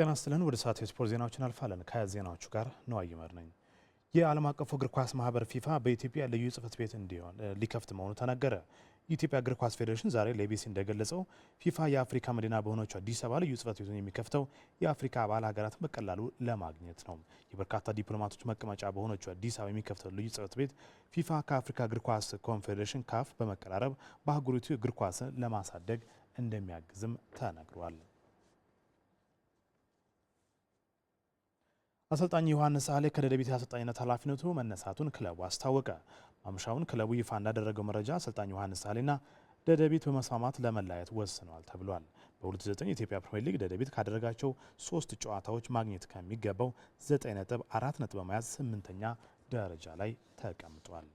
ጤና ይስጥልን። ወደ ሰዓት የስፖርት ዜናዎች እናልፋለን። ከዜናዎቹ ጋር ነው አይመር ነኝ። የዓለም አቀፉ እግር ኳስ ማህበር ፊፋ በኢትዮጵያ ልዩ ጽህፈት ቤት እንዲሆን ሊከፍት መሆኑ ተነገረ። የኢትዮጵያ እግር ኳስ ፌዴሬሽን ዛሬ ለኢቢሲ እንደገለጸው ፊፋ የአፍሪካ መዲና በሆነች አዲስ አበባ ልዩ ጽህፈት ቤቱን የሚከፍተው የአፍሪካ አባል ሀገራትን በቀላሉ ለማግኘት ነው። የበርካታ ዲፕሎማቶች መቀመጫ በሆነች አዲስ አበባ የሚከፍተው ልዩ ጽህፈት ቤት ፊፋ ከአፍሪካ እግር ኳስ ኮንፌዴሬሽን ካፍ በመቀራረብ በአህጉሪቱ እግር ኳስን ለማሳደግ እንደሚያግዝም ተነግሯል። አሰልጣኝ ዮሐንስ አሌ ከደደቢት አሰልጣኝነት ኃላፊነቱ መነሳቱን ክለቡ አስታወቀ። ማምሻውን ክለቡ ይፋ እንዳደረገው መረጃ አሰልጣኝ ዮሐንስ አሌና ደደቢት በመስማማት ለመለያየት ወስነዋል ተብሏል። በ2009 የኢትዮጵያ ፕሪምየር ሊግ ደደቢት ካደረጋቸው ሶስት ጨዋታዎች ማግኘት ከሚገባው 9 ነጥብ 4 ነጥብ በመያዝ ስምንተኛ ደረጃ ላይ ተቀምጧል።